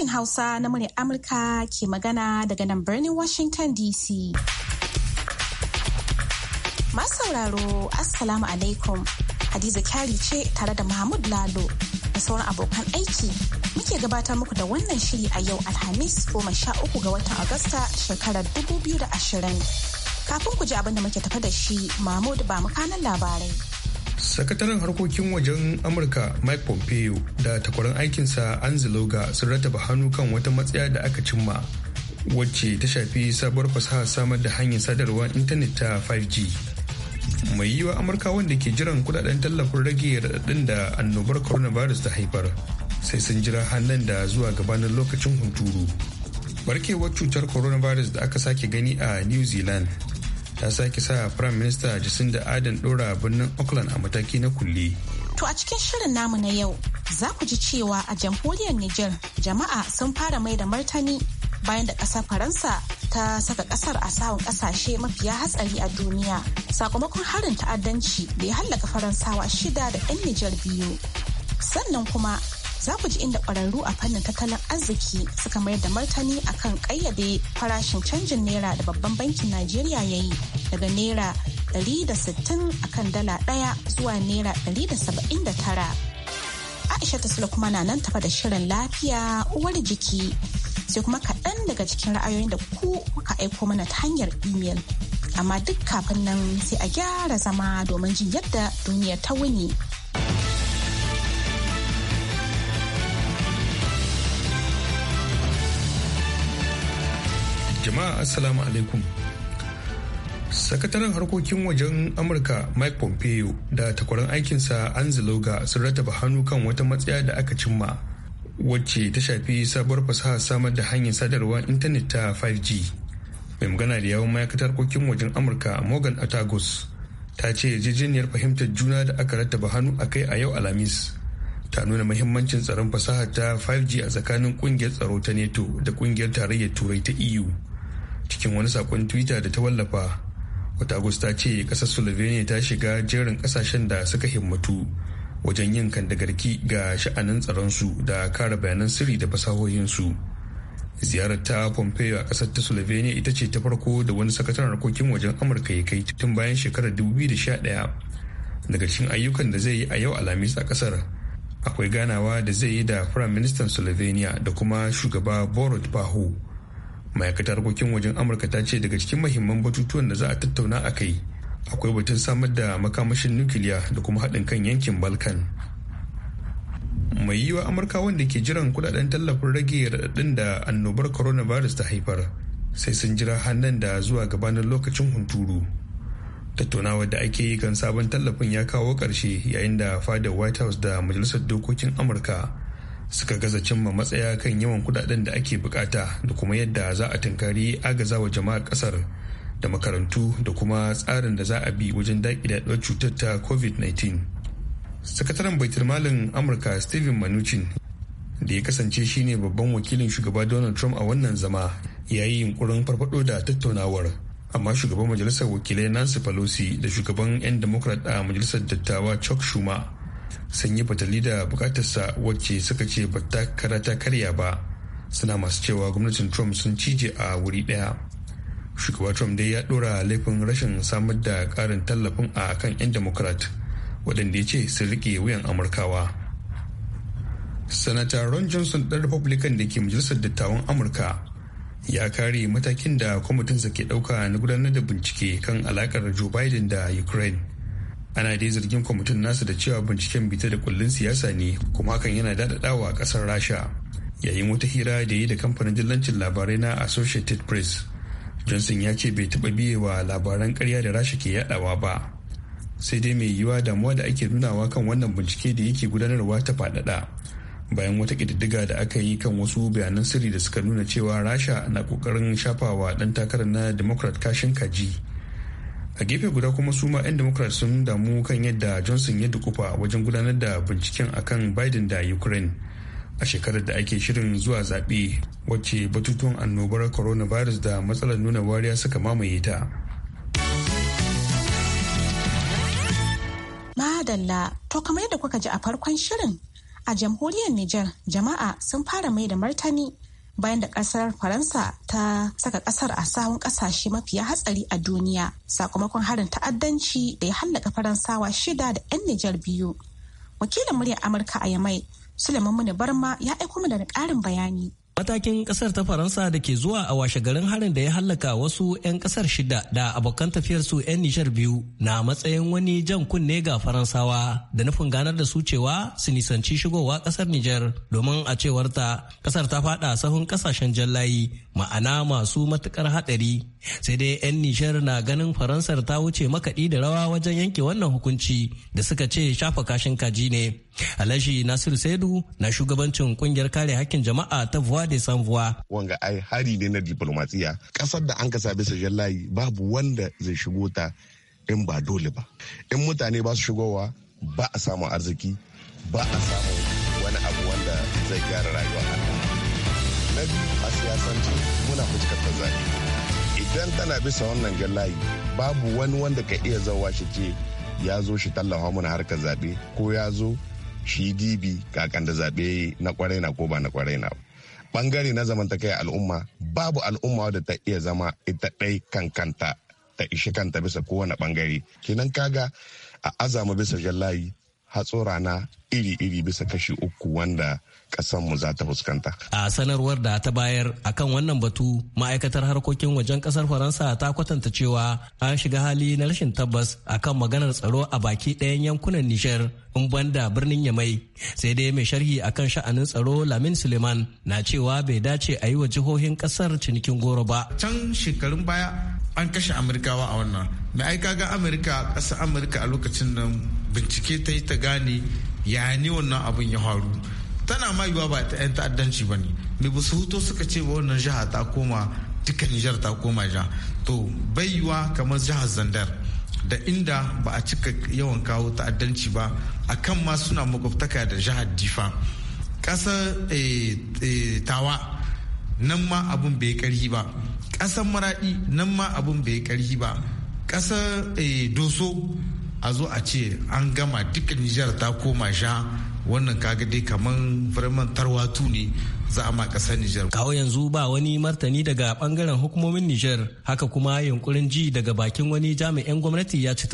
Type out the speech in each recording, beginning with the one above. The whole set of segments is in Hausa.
sashen Hausa na muni Amurka ke magana daga nan birnin Washington DC. Masu sauraro, Assalamu alaikum. Hadiza Kyari ce tare da Mahmud Lalo da sauran abokan aiki muke gabatar muku da wannan shiri a yau Alhamis goma sha uku ga watan Agusta shekarar dubu biyu da ashirin. Kafin ku ji abin da muke tafa da shi, Mahmud ba mu kanan labarai. sakataren harkokin wajen amurka mike pompeo da takwarar aikinsa anziloga sun rataba hannu kan wata matsaya da aka cimma wacce ta shafi sabuwar fasaha samar da hanyar sadarwar intanet ta 5g mai wa amurka wanda ke jiran kudaden tallafin rage raɗaɗin da annobar coronavirus ta haifar sai sun jira hannun da zuwa gabanin lokacin hunturu barkewar cutar coronavirus da aka sake gani a new zealand ta sake sa prime minister jacinda adan dora birnin auckland a mataki na kulle To a cikin shirin namu na yau za ku ji cewa a jamhuriyar niger jama'a sun fara mai da martani bayan da ƙasar Faransa ta saka ƙasar a sawun ƙasashe mafiya hatsari a duniya sakamakon harin ta'addanci da ya hallaka Faransawa shida da 'yan niger biyu. Sannan kuma za ku ji inda ƙwararru a fannin tattalin arziki suka mayar da martani akan ƙayyade farashin canjin naira da babban bankin Najeriya ya yi daga naira 160 akan dala ɗaya zuwa naira 179. Aisha ta sula kuma na nan tafa da shirin lafiya uwar jiki sai kuma kaɗan daga cikin ra'ayoyin da ku kuka aiko mana ta hanyar imel. Amma duk kafin nan sai a gyara zama domin jin yadda duniya ta wuni. Jama'a Assalamu alaikum. Sakataren harkokin wajen Amurka Mike Pompeo da takwaran aikinsa Anziloga sun rataba hannu kan wata matsaya da aka cimma wacce ta shafi sabuwar fasaha samar da hanyar sadarwar intanet ta 5G. Mai magana da yawon ma'aikatar harkokin wajen Amurka Morgan Atagos ta ce yarjejeniyar fahimtar juna da aka rattaba hannu a kai a yau Alhamis ta nuna mahimmancin tsaron fasaha ta 5G a tsakanin kungiyar tsaro ta neto da kungiyar tarayyar Turai ta EU. cikin wani sakon twitter da ta wallafa wata agusta ce kasar slovenia ta shiga jerin kasashen da suka himmatu wajen yin kandagarki ga sha'anin tsaronsu da kare bayanan sirri da fasahohinsu ziyarar ta pompeo a kasar ta slovenia ita ce ta farko da wani sakataren harkokin wajen amurka ya kai tun bayan shekarar 2011 daga cikin ayyukan da zai yi a yau alhamis a kasar akwai ganawa da zai yi da firaministan slovenia da kuma shugaba borut paho ma'aikatar harkokin wajen amurka ta ce daga cikin mahimman batutuwan da za a tattauna a kai akwai batun samar da makamashin nukiliya da kuma haɗin kan yankin balkan mai yiwa amurka wanda ke jiran kudaden tallafin rage raɗaɗin da annobar coronavirus ta haifar sai sun jira hannun da zuwa gabanin lokacin hunturu tattaunawar da ake yi kan sabon tallafin ya kawo ƙarshe yayin da fadar white house da majalisar dokokin amurka suka gaza cimma matsaya kan yawan kudaden da ake bukata da kuma yadda za a tunkari agazawa jama'a kasar da makarantu da kuma tsarin da za a bi wajen daƙi cutar ta covid-19 sakataren baitul malin amurka steven mnuchin da ya kasance shine babban wakilin shugaba donald trump a wannan zama ya yi yunkurin farfado da tattaunawar amma shugaban majalisar wakilai nancy pelosi da shugaban 'yan democrat a majalisar dattawa chuck schumer sun yi da bukatarsa wacce suka ce ba ta karata karya ba suna masu cewa gwamnatin trump sun cije a wuri daya shugaba trump dai ya dora laifin rashin samar da karin tallafin a kan 'yan democrat waɗanda ya ce sun rike wuyan amurkawa sanata ron johnson ɗan republican da ke majalisar dattawan amurka ya kare matakin da kwamitinsa ke ɗauka na gudanar da bincike kan alakar joe biden da ukraine ana dai zargin kwamitin nasa da cewa binciken bita da kullun siyasa ne kuma hakan yana daɗaɗawa a ƙasar rasha yayin wata hira da yi da kamfanin dillancin labarai na associated press johnson ya ce bai taba biye wa labaran karya da rasha ke yaɗawa ba sai dai mai yiwuwa damuwa da ake nunawa kan wannan bincike da yake gudanarwa ta faɗaɗa bayan wata kididdiga da aka yi kan wasu bayanan sirri da suka nuna cewa rasha na kokarin shafawa ɗan takarar na democrat kashin kaji a gefe guda kuma suma 'yan democrat sun damu kan yadda johnson ya dukufa wajen gudanar da binciken akan biden da ukraine a shekarar da ake shirin zuwa zaɓe wacce batutuwan annobar coronavirus da matsalar nuna wariya suka mamaye ta madalla to kamar yadda kuka ji a farkon shirin a jamhuriyar niger jama'a sun fara mai da martani bayan da kasar faransa ta saka kasar a sahun kasashe mafiya hatsari a duniya sakamakon harin ta'addanci da ya hallaka faransawa shida da 'yan nijar biyu wakilin muryar amurka a yamai suleiman muni barma ya aiko mana da ƙarin bayani Matakin kasar ta Faransa da ke zuwa a washe garin harin da ya hallaka wasu 'yan kasar shida da abokan tafiyarsu 'yan nishar biyu na matsayin wani jan kunne ga Faransawa da nufin ganar da su cewa su nisanci shigowa kasar Nijar domin a cewar ta kasar ta fada sahun kasashen jallayi ma'ana masu matukar hadari sai dai 'yan nishar na ganin Faransar ta wuce makaɗi da rawa wajen yanke wannan hukunci da suka ce shafa kashin kaji ne. Alashi Nasiru Saidu na shugabancin kungiyar kare hakkin jama'a ta voix de voix. wanga ai hari ne na diplomatiya kasar da an kasa bisa jallayi babu wanda zai shigo ta in ba dole ba in mutane ba su shigowa ba a samu arziki ba a samu wani abu wanda zai gyara rayuwa na biyu a siyasance muna fuskantar zabe. idan tana bisa wannan jallayi babu wani wanda ka iya zawa shi ce ya zo shi tallafa mana harkar zaɓe ko ya zo shi dibi kakan da zaɓe na kwarai na ko ba na kwarai na ba bangare na zamantakai al'umma babu al'umma da ta iya zama ita ɗai kankanta ta ishe kanta bisa kowane bangare kenan kaga a azama bisa layi hatso na iri-iri bisa kashi uku wanda mu za ta fuskanta. A sanarwar da ta bayar akan wannan batu ma'aikatar harkokin wajen ƙasar Faransa ta kwatanta cewa an shiga hali na rashin tabbas akan maganar tsaro a baki ɗayan yankunan Nishar in banda birnin Yamai sai dai mai sharhi akan sha'anin tsaro Lamin Suleiman na cewa bai dace a yi wa jihohin ƙasar cinikin goro ba. Can shekarun baya an kashe Amurkawa a wannan mai ai kaga amurka ƙasa amurka a lokacin nan bincike ta yi ta gane ya ni wannan abin ya faru tana ma yiwa ba ta 'yan ta'addanci ba ne mai basu su suka ce ba wannan jiha ta koma duka nijar ta koma ja to bai yiwa kamar jihar zandar da inda ba a cika yawan kawo ta'addanci ba a kan ma suna makwabtaka da jihar difa ƙasar eh, eh, tawa nan ma abin bai karhi ba ƙasar maraɗi nan ma abin bai karhi ba ƙasar eh, doso a zo a ce an gama duka nijar ta koma sha wannan kaga dai kaman firman tarwatu ne za a ma kasar Nijar. Kawo yanzu ba wani martani daga bangaren hukumomin Nijar haka kuma yunkurin ji daga bakin wani jami'in gwamnati ya ci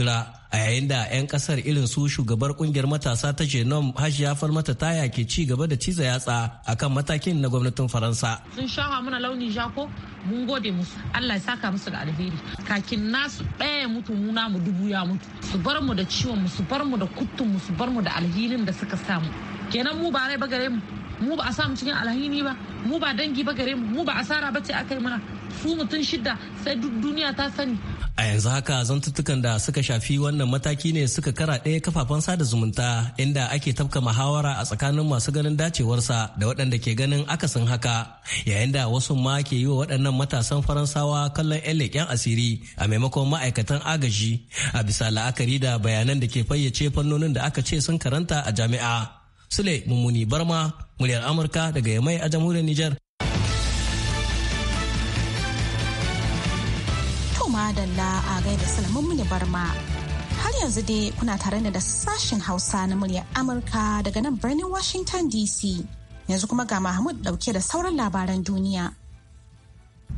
a yayin da 'yan kasar irin su shugabar kungiyar matasa ta genome far mata taya ke ci gaba da ciza yatsa akan matakin na gwamnatin faransa sun shaha mana launin jako mun gode musu allah ya saka musu da alheri kakin nasu ɗaya mutu mu namu dubu ya mutu su bar mu da ciwon mu su bar mu da kuttun mu su bar mu da alhinin da suka samu kenan mu ba rai ba gare mu mu ba a samu cikin alhini ba mu ba dangi ba gare mu mu ba asara ba ce aka yi mana su mutum shidda sai duk duniya ta sani A yanzu haka zantuttukan da suka shafi wannan mataki ne suka kara ɗaya kafafen sada zumunta inda ake tafka muhawara a tsakanin masu ganin dacewarsa da waɗanda ke ganin akasin haka yayin da wasu ma ke yi wa waɗannan matasan faransawa kallon 'yan leƙen asiri a maimakon ma'aikatan agaji a bisa la'akari da bayanan da ke fayyace fannonin da aka ce sun karanta a jami'a. Sule Mummuni Barma, muryar Amurka daga Yamai a jamhuriyar Nijar. madalla a gaida salamun barma. Har yanzu dai kuna tare da sashen Hausa na muryar Amurka daga nan birnin Washington DC. Yanzu kuma ga Mahmud dauke da sauran labaran duniya.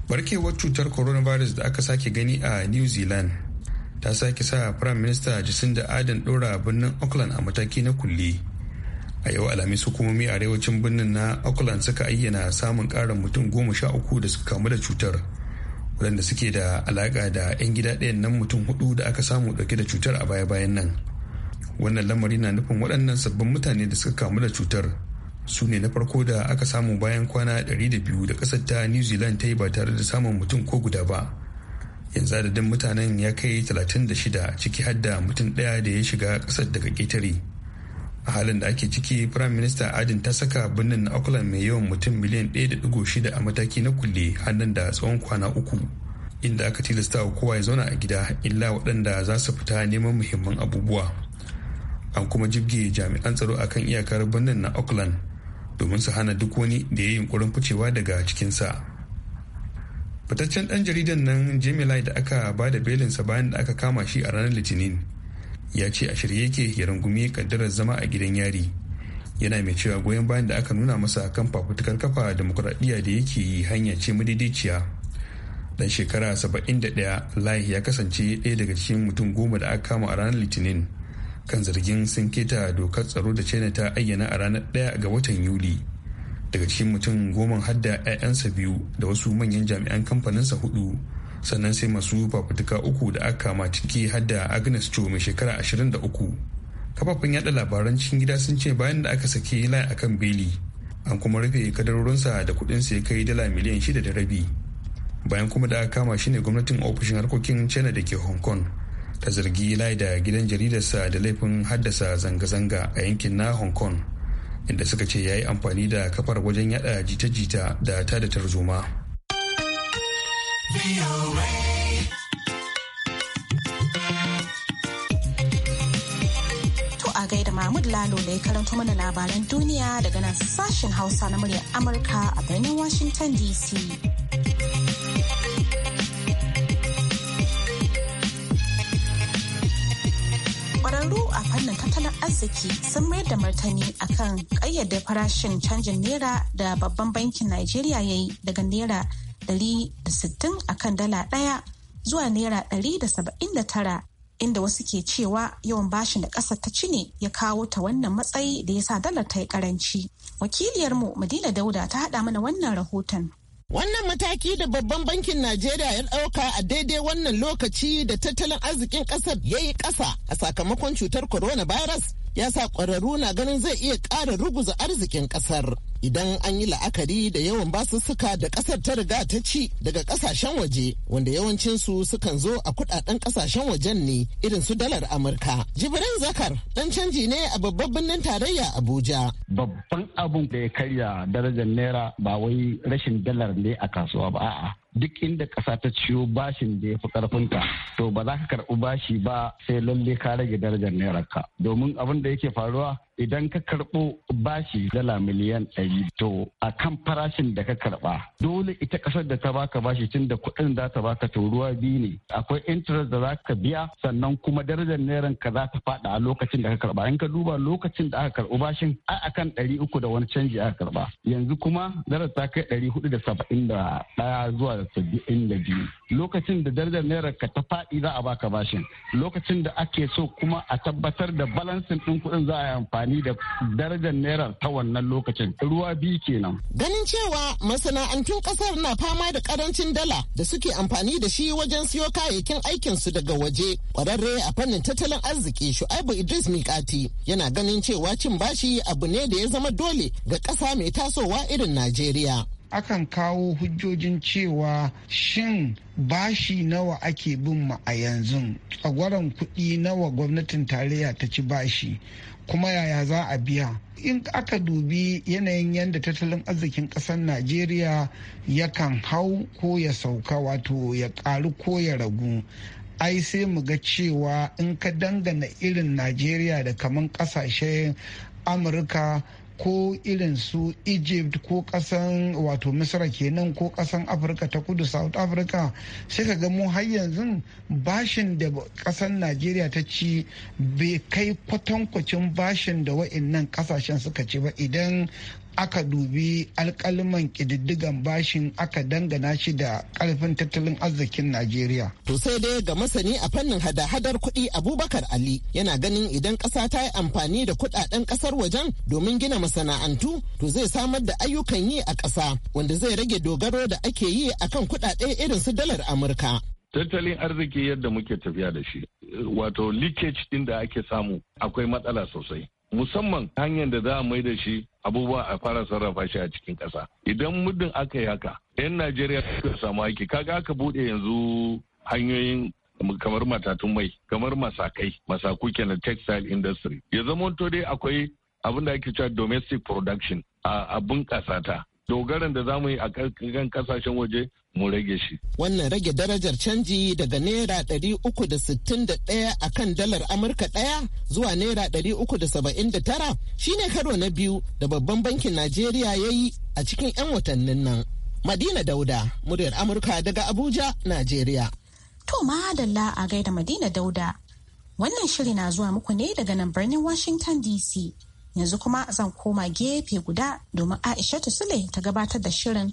Barkewar cutar coronavirus da aka sake gani a New Zealand ta sake sa Prime Minister da Ardern ɗora birnin Auckland a mataki na kulle. a yau alhamis hukumomi a arewacin birnin na auckland suka ayyana samun karin mutum goma sha uku da suka kamu da cutar waɗanda suke da alaƙa da 'yan gida ɗayan nan mutum hudu da aka samu ɗauke da cutar a baya-bayan nan wannan lamari na nufin waɗannan sabbin mutane da suka kamu da cutar su ne na farko da aka samu bayan kwana 200 da ƙasar ta new zealand ta yi ba tare da samun mutum ko guda ba yanzu adadin mutanen ya kai 36 ciki har da mutum ɗaya da ya shiga ƙasar daga ƙetare a halin da ake ciki prime minister adin ta saka birnin auckland mai yawan mutum miliyan 1.6 a mataki na kulle hannun da tsawon kwana uku inda aka tilasta wa kowa ya zauna a gida illa waɗanda za su fita neman muhimman abubuwa an kuma jibge jami'an tsaro akan iyakar birnin na auckland domin su hana duk wani da ya yi yunkurin ficewa daga cikinsa fitaccen ɗan jaridan nan jimilai da aka ba da belinsa bayan da aka kama shi a ranar litinin ya ce a shirye yake ya rungumi kaddarar zama a gidan yari yana mai cewa goyon bayan da aka nuna masa kan fafutukar kafa demokuraɗiyya da yake yi hanya ce madaidaiciya dan shekara 71 lai ya kasance ɗaya daga cikin mutum goma da aka kama a ranar litinin kan zargin sun keta dokar tsaro da china ta ayyana a ranar ɗaya ga watan yuli daga cikin mutum goma hadda 'ya'yansa biyu da wasu manyan jami'an kamfaninsa hudu sannan sai masu fafutuka uku da aka kama ciki har da agnes cho mai shekara 23 kafafen yada labaran cikin gida sun ce bayan da aka sake lai akan beli an kuma rufe kadarorinsa da kudin ya kai dala miliyan shida da rabi bayan kuma da aka kama shi ne gwamnatin ofishin harkokin china da ke hong kong ta zargi lai da gidan jaridarsa da laifin haddasa zanga-zanga a yankin na hong kong inda suka ce ya yi amfani da kafar wajen yada jita-jita da tada tarzoma To a gaida Mahmud Lalo da ya karanto mana labaran duniya daga nan sashen Hausa na muryar Amurka a birnin Washington DC. Ƙwararru a fannin tattalin arziki sun mayar da martani akan ƙayyade farashin canjin naira da babban bankin Najeriya ya yi daga naira 160 kan dala ɗaya zuwa naira 179 inda wasu ke cewa yawan bashin da ƙasa ta ci ne ya kawo ta wannan matsayi da ya sa dalar ta yi karanci. Wakiliyarmu Madina Dauda ta haɗa mana wannan rahoton. Wannan mataki da babban bankin Najeriya ya ɗauka a daidai wannan lokaci da tattalin arzikin ƙasar ya yi ƙasa a sakamakon cutar coronavirus ya sa ƙwararru na ganin zai iya ƙara ruguza arzikin ƙasar. idan an yi la'akari da yawan basussuka da kasar ta riga ta ci daga kasashen waje wanda yawancinsu sukan zo a kudaden kasashen wajen ne irin su dalar amurka jibrin zakar dan canji ne a babban birnin tarayya abuja babban abun da ya karya darajar naira ba wai rashin dalar ne a kasuwa ba a'a duk inda ƙasa ta ciyo bashin da ya fi ƙarfinta to ba za ka karɓi bashi ba sai lalle ka rage darajar naira ka domin abin da yake faruwa idan ka karɓo bashi dala miliyan ɗari to a kan farashin da ka karɓa dole ita ƙasar da ta baka bashi tun da kuɗin za ta baka to ruwa biyu ne akwai interest da za ka biya sannan kuma darajar naira ka za ta faɗa a lokacin da ka karɓa in ka duba lokacin da aka karɓi bashin a akan ɗari uku da wani canji aka karɓa yanzu kuma darajar ta kai ɗari hudu da saba'in da ɗaya zuwa da saba'in da biyu lokacin da darajar naira ka ta faɗi za a baka bashin lokacin da ake so kuma a tabbatar da balansin ɗin kuɗin za a yi amfani amfani da darajar naira ta wannan lokacin ruwa biyu kenan. Ganin cewa masana'antun kasar na fama da karancin dala da suke amfani da shi wajen siyo kayayyakin aikinsu daga waje kwararre a fannin tattalin arziki shu'aibu idris mikati yana ganin cewa cin bashi abu ne da ya zama dole ga ƙasa mai tasowa irin najeriya akan kawo hujjojin cewa shin bashi nawa ake bin ma a yanzu tsagwaron kuɗi nawa gwamnatin tarayya ta ci bashi kuma yaya za a biya in aka dubi yanayin yadda tattalin arzikin ƙasar najeriya yakan hau ko ya sauka wato ya ƙaru ko ya ragu ai sai mu ga cewa in ka dangana irin najeriya da kaman ƙasashen amurka ko irin su egypt ko kasan wato misra kenan ko kasan afirka ta kudu south africa sai ka ga mu har yanzu bashin da kasan najeriya ta ci bai kai kwatankwacin bashin da wa'annan kasashen suka ci ba idan aka dubi alkaliman kididdigan bashin aka dangana shi da ƙarfin tattalin arzikin Najeriya. To sai dai ga masani a fannin hada-hadar kuɗi Abubakar Ali yana ganin idan ƙasa ta yi amfani da kuɗaɗen ƙasar wajen domin gina masana'antu to zai samar da ayyukan yi a ƙasa wanda zai rage dogaro da ake yi akan kuɗaɗe irin su dalar Amurka. tattalin arziki yadda muke tafiya da shi wato leakage ɗin da ake samu akwai matsala sosai musamman hanyar da za a mai da shi abubuwa a fara sarrafa shi a cikin ƙasa idan muddin aka yi haka 'yan najeriya suka samu aiki kaga aka buɗe yanzu hanyoyin kamar matatun mai kamar masakai masaku kenan textile industry ya zama to dai akwai abin da ake cewa domestic production a bunƙasa ta dogaran da za mu yi a kan kasashen waje mu rage shi. Wannan rage darajar canji daga naira ɗari uku da sittin da ɗaya a kan dalar Amurka ɗaya zuwa naira ɗari uku da saba'in da tara shine karo na biyu da babban bankin Najeriya ya yi a cikin 'yan watannin nan. Madina Dauda, muryar Amurka daga Abuja, Najeriya. To madalla a gaida Madina Dauda. Wannan shiri na zuwa muku ne daga nan birnin Washington DC. Yanzu kuma zan koma gefe guda domin Aisha Sule ta gabatar da shirin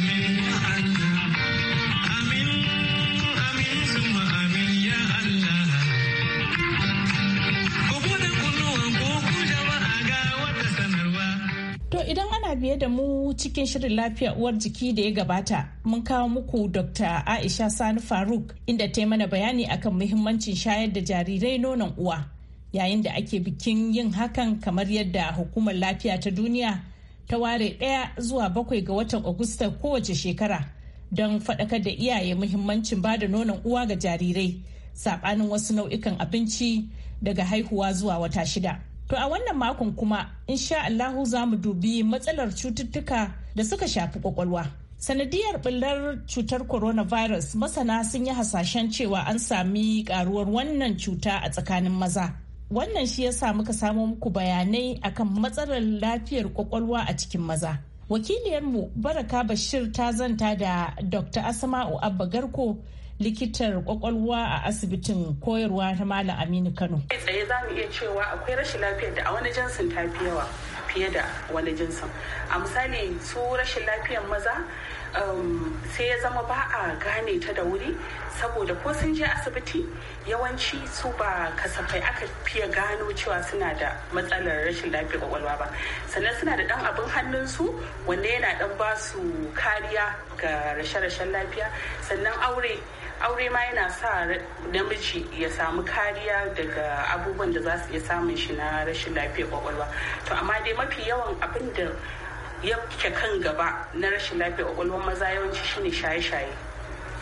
a biye da mu cikin shirin lafiya uwar jiki da ya gabata, mun kawo muku Dr. Aisha Sani Faruk inda ta yi mana bayani akan muhimmancin shayar da jarirai nonon uwa. Yayin da ake bikin yin hakan kamar yadda hukumar lafiya ta duniya ta ware daya zuwa bakwai ga watan Agusta kowace shekara don faɗakar da iyaye muhimmancin ba da nonon uwa ga jarirai, saɓanin wasu nau'ikan abinci daga haihuwa zuwa wata shida. To a wannan makon kuma insha Allahu za mu dubi matsalar cututtuka da suka shafi kwakwalwa. Sanadiyar ɓullar cutar coronavirus masana sun yi hasashen cewa an sami karuwar wannan cuta a tsakanin maza. Wannan shi ya sa muka samu muku bayanai akan matsalar lafiyar kwakwalwa a cikin maza. Wakiliyarmu Baraka Bashir ta zanta da Dr. Asma'u Abba Garko likitar kwakwalwa a asibitin koyarwa ta Malam Aminu Kano. Kai tsaye za mu iya cewa akwai rashin lafiyar da a wani jinsin ta fi yawa fiye da wani jinsin. A misali su rashin lafiyar maza um, sai ya zama ba a gane ta da wuri saboda ko sun je asibiti yawanci su ba kasafai aka fiye gano cewa suna da matsalar rashin lafiyar kwakwalwa ba sannan suna da dan abin hannunsu wanda yana dan ba su kariya ga rashe-rashen lafiya sannan aure aure ma yana sa namiji ya samu kariya daga abubuwan da za su iya samun shi na rashin lafiyar kwakwalwa to amma dai mafi yawan abin da ya kan gaba na rashin lafiyar kwakwalwa maza yawanci shine shaye-shaye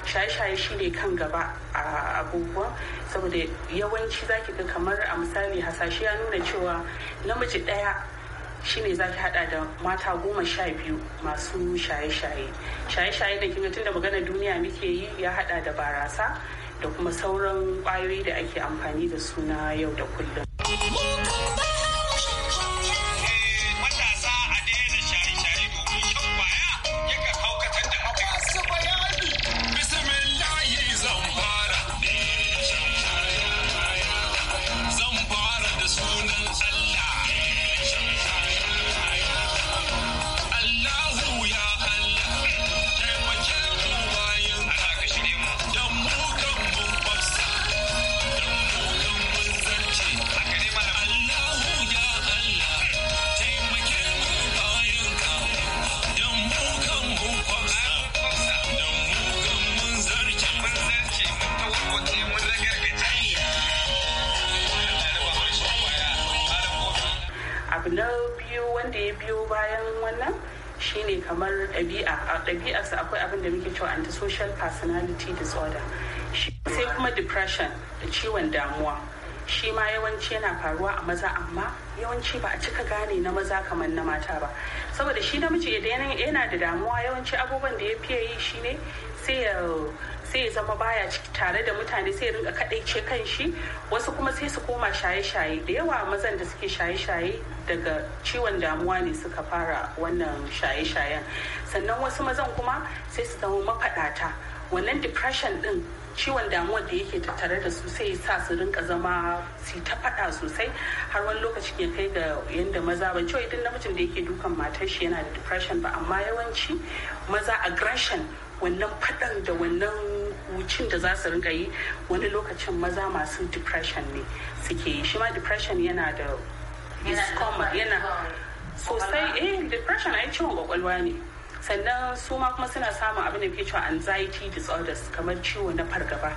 shaye-shaye shine kan gaba a abubuwa saboda yawanci zaki ga kamar a misali hasashe ya nuna cewa namiji ɗaya shine za ki hada da mata goma sha biyu masu shaye-shaye shaye-shaye da kin tun da maganar duniya muke yi ya hada da barasa da kuma sauran kwayoyi da ake amfani da su na yau da kullum. na maza kamar na mata ba saboda shi namiji idan yana da damuwa yawanci abubuwan da ya fiye yi shi sai sai ya zama baya tare da mutane sai ya rinka kadaice kan shi wasu kuma sai su koma shaye-shaye da yawa mazan da suke shaye-shaye daga ciwon damuwa ne suka fara wannan shaye-shayen sannan wasu mazan kuma sai su zama mafaɗata wannan depression din ciwon damuwar da yake tattare da su sai sa su rinka zama su ta faɗa sosai har wani lokaci ke kai ga yadda maza ba cewa idan namijin da yake dukan matar shi yana da depression ba amma yawanci maza aggression wannan faɗan da wannan wucin da za su rinka yi wani lokacin maza masu depression ne suke yi shi ma depression yana da yana sosai eh depression ai ciwon kwakwalwa ne sannan su ma kuma suna samun abin da ke cewa anxiety disorders kamar ciwo na fargaba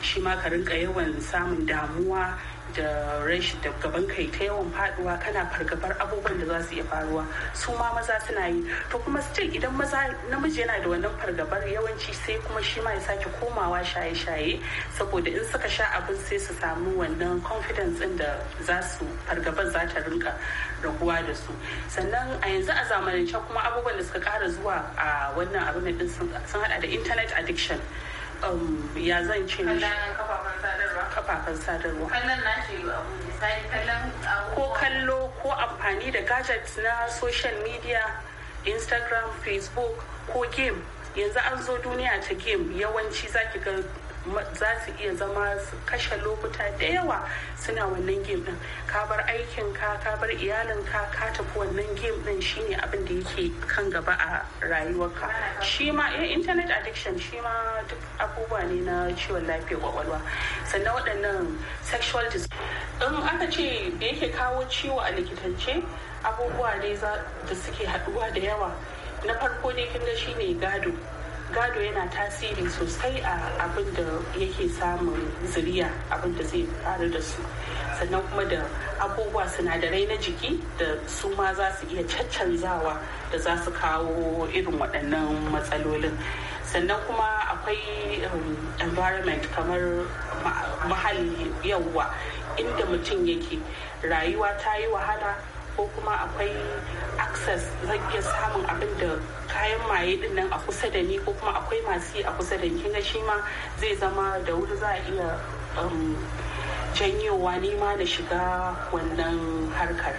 shi ma ka rinka yawan samun damuwa da rashin da gaban kai ta yawan faduwa kana fargabar abubuwan da za su iya faruwa su ma maza suna yi to kuma su idan maza namiji yana da wannan fargabar yawanci sai kuma shi ma ya sake komawa shaye-shaye saboda in suka sha abin sai su samu wannan confidence din da za su fargabar za ta rinka raguwa da su sannan a yanzu a zamanance kuma abubuwan da suka kara zuwa a wannan abin sun hada da internet addiction um, ya zan ce kafafen sadarwa ko kallo ko amfani da gadgets na social media instagram facebook ko game yanzu an zo duniya ta game yawanci za ki ga za su iya zama su kashe lokuta da yawa suna wannan game din ka bar aikin ka ka bar iyalin ka ka tafi wannan game din shine abin da yake kan gaba a rayuwarka shi ma eh, internet addiction shi ma duk abubuwa ne na ciwon lafiya kwakwalwa sannan waɗannan sexual in aka ce da yake kawo ciwo a likitance abubuwa ne da suke haɗuwa da yawa na farko ne kin ga shine gado gado yana tasiri sosai a abin da yake samun zuriya abin da zai faru da su sannan kuma da abubuwa sinadarai na jiki da su ma za su iya caccanzawa da za su kawo irin waɗannan matsalolin sannan kuma akwai um, environment kamar muhalli yauwa inda mutum yake rayuwa ta yi wahala ko kuma akwai access zan samun abin da kayan maye din nan a kusa da ni ko kuma akwai masu yi a kusa da ni shi ma zai zama da wuri za a iya um, janyowa nema da shiga wannan harkar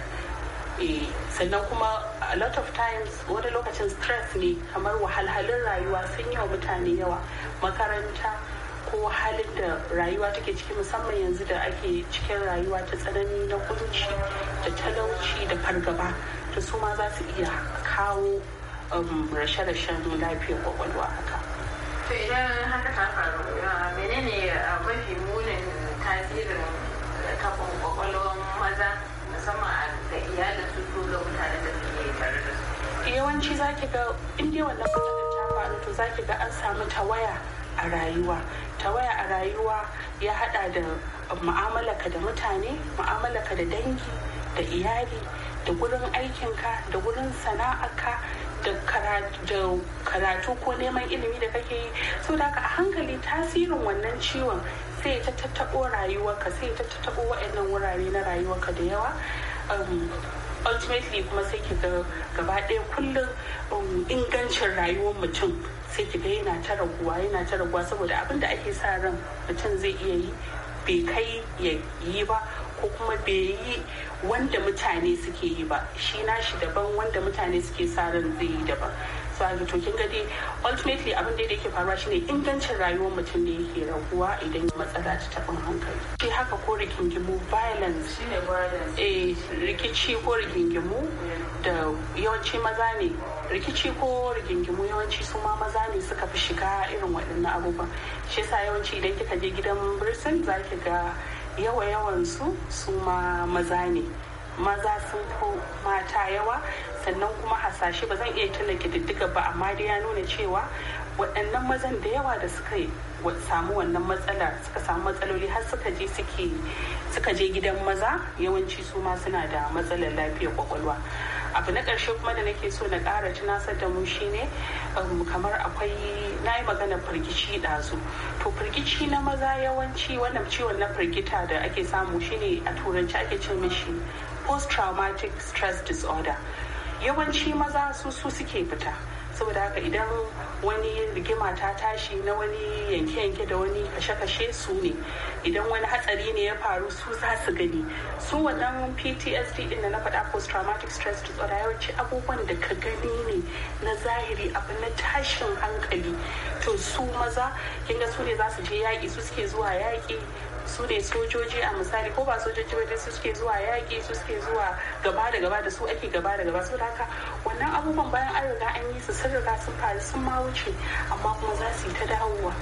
eh, sannan kuma a lot of times wani lokacin stress ne kamar wahalhalun rayuwa sun yi wa mutane yawa makaranta ko halin da rayuwa take ciki musamman yanzu da ake cikin rayuwa ta tsanani na kunci da talauci da fargaba ta su ma za su iya kawo um, rashe-rashen lafiyar kwakwalwa haka. to idan haka ta faru uh, menene uh, mafi munin tasirin kafin kwakwalwan maza musamman ga iyalin su ko ga mutane da suke tare da su. yawanci za ki ga inda wannan matsalar ta faru to za ki ga an samu tawaya a rayuwa tawaya a rayuwa ya hada da mu'amalaka da mutane mu'amalaka da dangi da iyali da gurin aikinka da gurin sana'arka da karatu ko neman ilimi da kake yi so da a hankali tasirin wannan ciwon sai ta tattaɓo rayuwarka sai ta tattaɓo waɗannan wurare na rayuwarka da yawa um, ultimately kuma sai ki ga gaba ɗaya kullum um, ingancin rayuwar mutum sai ki ga yana ta raguwa yana ta raguwa saboda abin da ake sa ran mutum zai iya yi bai kai ya yi ba ko kuma bai yi wanda mutane suke yi ba shi na shi daban wanda mutane suke sa ran zai yi daban sa to kin gadi ultimately abin da yake faruwa shine ingancin rayuwar mutum ne yake raguwa idan matsala ta taɓin hankali shi haka ko rigingimu violence eh rikici ko rigingimu da yawanci maza ne rikici ko rigingimu yawanci su ma maza ne suka fi shiga irin waɗannan abubuwan shi yasa yawanci idan kika je gidan birsin za ki ga yawa yawan su su ma maza ne maza sun fi mata yawa sannan kuma hasashe ba zan iya tuna kididdiga ba amma dai ya nuna cewa waɗannan mazan da yawa da suka samu wannan matsala suka samu matsaloli har suka je suke suka je gidan maza yawanci su ma suna da matsalar lafiyar kwakwalwa abu na ƙarshe kuma da nake so na ƙara tunasar da mu shine um, kamar akwai na yi magana firgici ɗazu to firgici na maza yawanci wannan ciwon na firgita da ake samu shine a turanci ake ce mishi post traumatic stress disorder yawanci maza su su suke fita saboda haka idan wani rigima ta tashi na wani yanke-yanke da wani kashe-kashe su ne idan wani hatsari ne ya faru su za su gani su wannan ptsd din da na faɗa post traumatic stress disorder yawanci abubuwan da ka gani ne na zahiri abu na tashin hankali to su maza kinga su ne za su je yaƙi su suke zuwa yaƙi su ne sojoji a misali ko ba sojoji ba su suke zuwa yaƙi su suke zuwa gaba da gaba da su ake gaba da gaba su haka wannan abubuwan bayan an riga an yi su sun riga sun faru sun ma wuce amma kuma za su yi ta dawowa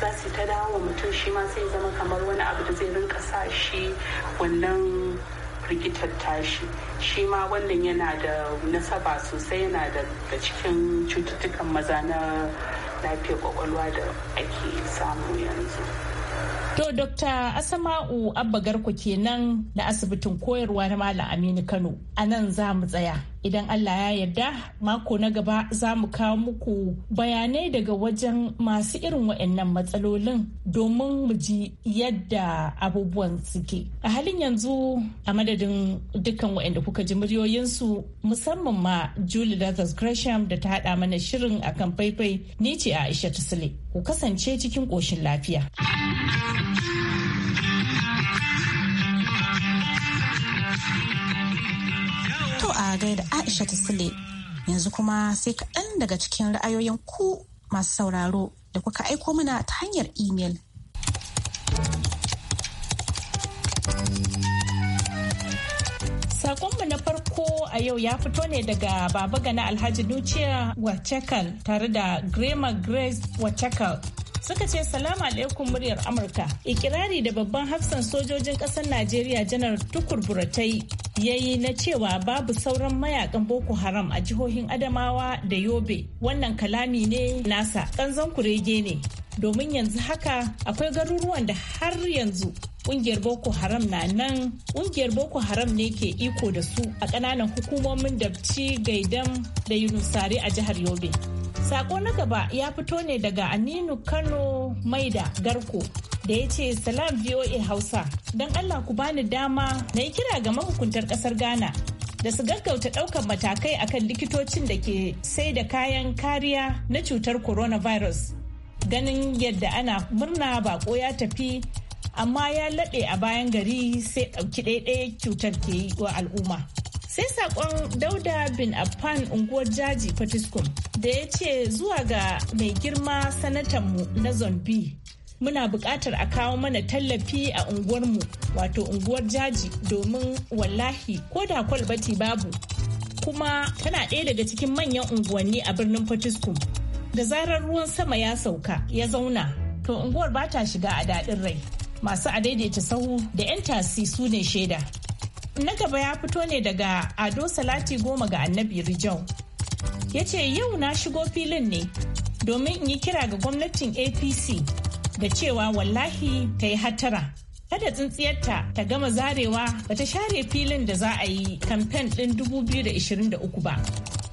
za su ta dawowa mutum shi ma sai zama kamar wani abu da zai rinka sa shi wannan rikitar tashi shi ma wannan yana da nasaba sosai yana da cikin cututtukan maza na lafiyar kwakwalwa da ake samu yanzu. To, Dokta Asama'u Abba Garko kenan na asibitin koyarwa na Malam Aminu Kano, a nan za mu tsaya. idan Allah ya yarda mako na gaba za mu kawo muku bayanai daga wajen masu irin waɗannan matsalolin domin mu ji yadda abubuwan suke. A halin yanzu a madadin dukkan waɗanda kuka ji muryoyinsu musamman ma Julie Lathas Gresham da ta haɗa mana shirin akan faifai ni ce a Aisha Sule. Ku kasance cikin ƙoshin lafiya. a da Aisha ta Sule. Yanzu kuma sai kaɗan daga cikin ra'ayoyin ku masu sauraro da kuka aiko mana ta hanyar imel. Sakonmu na farko a yau ya fito ne daga Baba Gana Alhaji Nuciya Wachakal tare da Grema Grace Wachakal. suka ce salamu alaikum muryar amurka ikirari da babban hafsan sojojin kasar najeriya janar tukur buratai ya yi na cewa babu sauran mayakan Boko Haram a jihohin Adamawa da Yobe. Wannan kalami ne nasa ƙanzon kurege ne. Domin yanzu haka akwai garuruwan da har yanzu ƙungiyar Boko Haram na nan ƙungiyar Boko Haram ne ke iko da su a ƙananan hukumomin dabci gaidan da yunusari a jihar Yobe. Sako na gaba ya fito ne daga Aminu Kano Maida Garko da ya ce Salam VOA Hausa. Don Allah ku bani dama na yi kira ga mahukuntar kasar Ghana da su gaggauta ɗaukar matakai akan likitocin da ke sai da kayan kariya na cutar coronavirus. Ganin yadda ana murna bako ya tafi amma ya laɗe a bayan gari sai ɗauki ɗaiɗaya cutar ke yi wa al'umma. sai sakon dauda bin afan unguwar jaji fatiskum da ya ce zuwa ga mai girma sanatanmu na zombi muna bukatar a kawo mana tallafi a unguwarmu wato unguwar jaji domin wallahi ko da kwalbati babu kuma tana ɗaya daga cikin manyan unguwanni a birnin fatiskum da zarar ruwan sama ya sauka ya zauna to unguwar ba ta shiga a daɗin rai masu adaidaita sahu da 'yan tasi su ne shaida na gaba ya fito ne daga ado salati goma ga annabi rijau ya ce yau na shigo filin ne domin in yi kira ga gwamnatin apc da cewa wallahi ta yi hatara kada tsintsiyarta ta gama zarewa ba ta share filin da za a yi kamfen ɗin 2023 ba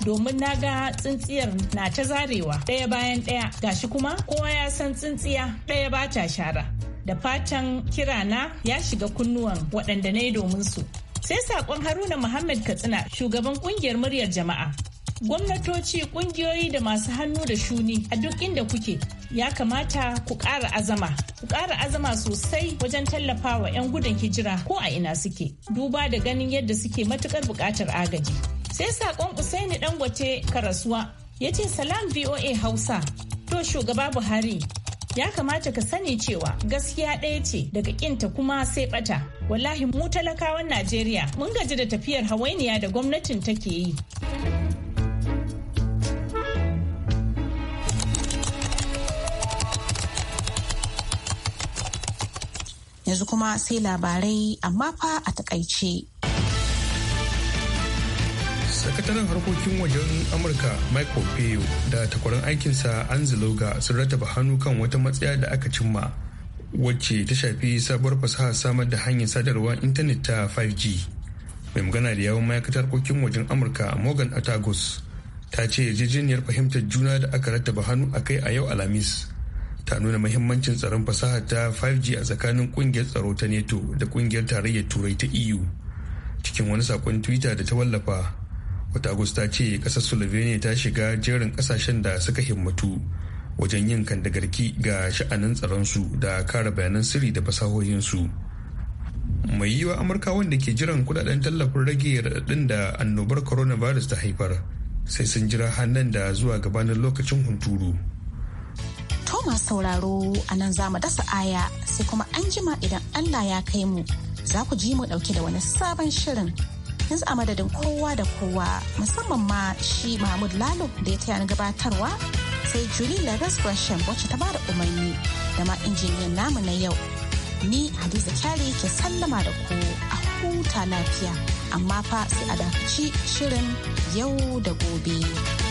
domin na ga tsintsiyar na ta zarewa ɗaya bayan ɗaya gashi kuma kowa ya san tsintsiya ɗaya ba ta shara da fatan kirana ya shiga kunnuwan waɗanda na yi domin su Sai saƙon Haruna Muhammad Katsina shugaban ƙungiyar muryar jama'a. Gwamnatoci, ƙungiyoyi da masu hannu da shuni a duk inda kuke ya kamata ku ƙara azama. Ku ƙara azama sosai wajen tallafawa 'yan gudun hijira ko a ina suke. Duba da ganin yadda suke matuƙar buƙatar agaji. Sai saƙon Usaini Dangote Karasuwa ya ce salam VOA Hausa. To shugaba Buhari ya kamata ka sani cewa gaskiya ɗaya ce daga kinta kuma sai ɓata. Wallahi mu talakawan Najeriya mun gaji da tafiyar hawainiya da gwamnatin take yi. Yanzu kuma sai labarai amma fa a takaice. sakataren harkokin wajen amurka mike pompeo da takwaran aikinsa anziloga sun rataba hannu kan wata matsaya da aka cimma wacce ta shafi sabuwar fasaha samar da hanyar sadarwar intanet ta 5g mai magana da yawon ma'aikatar harkokin wajen amurka morgan atagos ta ce yarjejeniyar fahimtar juna da aka rattaba hannu a kai a yau alhamis ta nuna mahimmancin tsaron fasaha ta 5g a tsakanin kungiyar tsaro ta neto da kungiyar tarayyar turai ta eu cikin wani sakon twitter da ta wallafa wata ta ce kasar Slovenia ta shiga jerin kasashen da suka himmatu wajen yin kandagarki ga sha'anin tsaronsu da kara bayanan sirri da fasahohinsu. Mai yiwa Amurka wanda ke jiran kudaden tallafin rage raɗaɗin da annobar coronavirus ta haifar sai sun jira hannun da zuwa gabanin lokacin hunturu. Thomas sauraro a nan za mu dasa aya sai kuma an jima idan Allah ya kai mu za ku ji mu ɗauke da wani sabon shirin. yanzu a madadin kowa da kowa musamman ma shi mahmud lalo da ya taya gabatarwa sai julie lagos gresham wacce ta bada umarni da ma injiniyan namu na yau ni hadiza kyari ke sallama da ku a huta lafiya amma fa sai a dakaci shirin yau da gobe.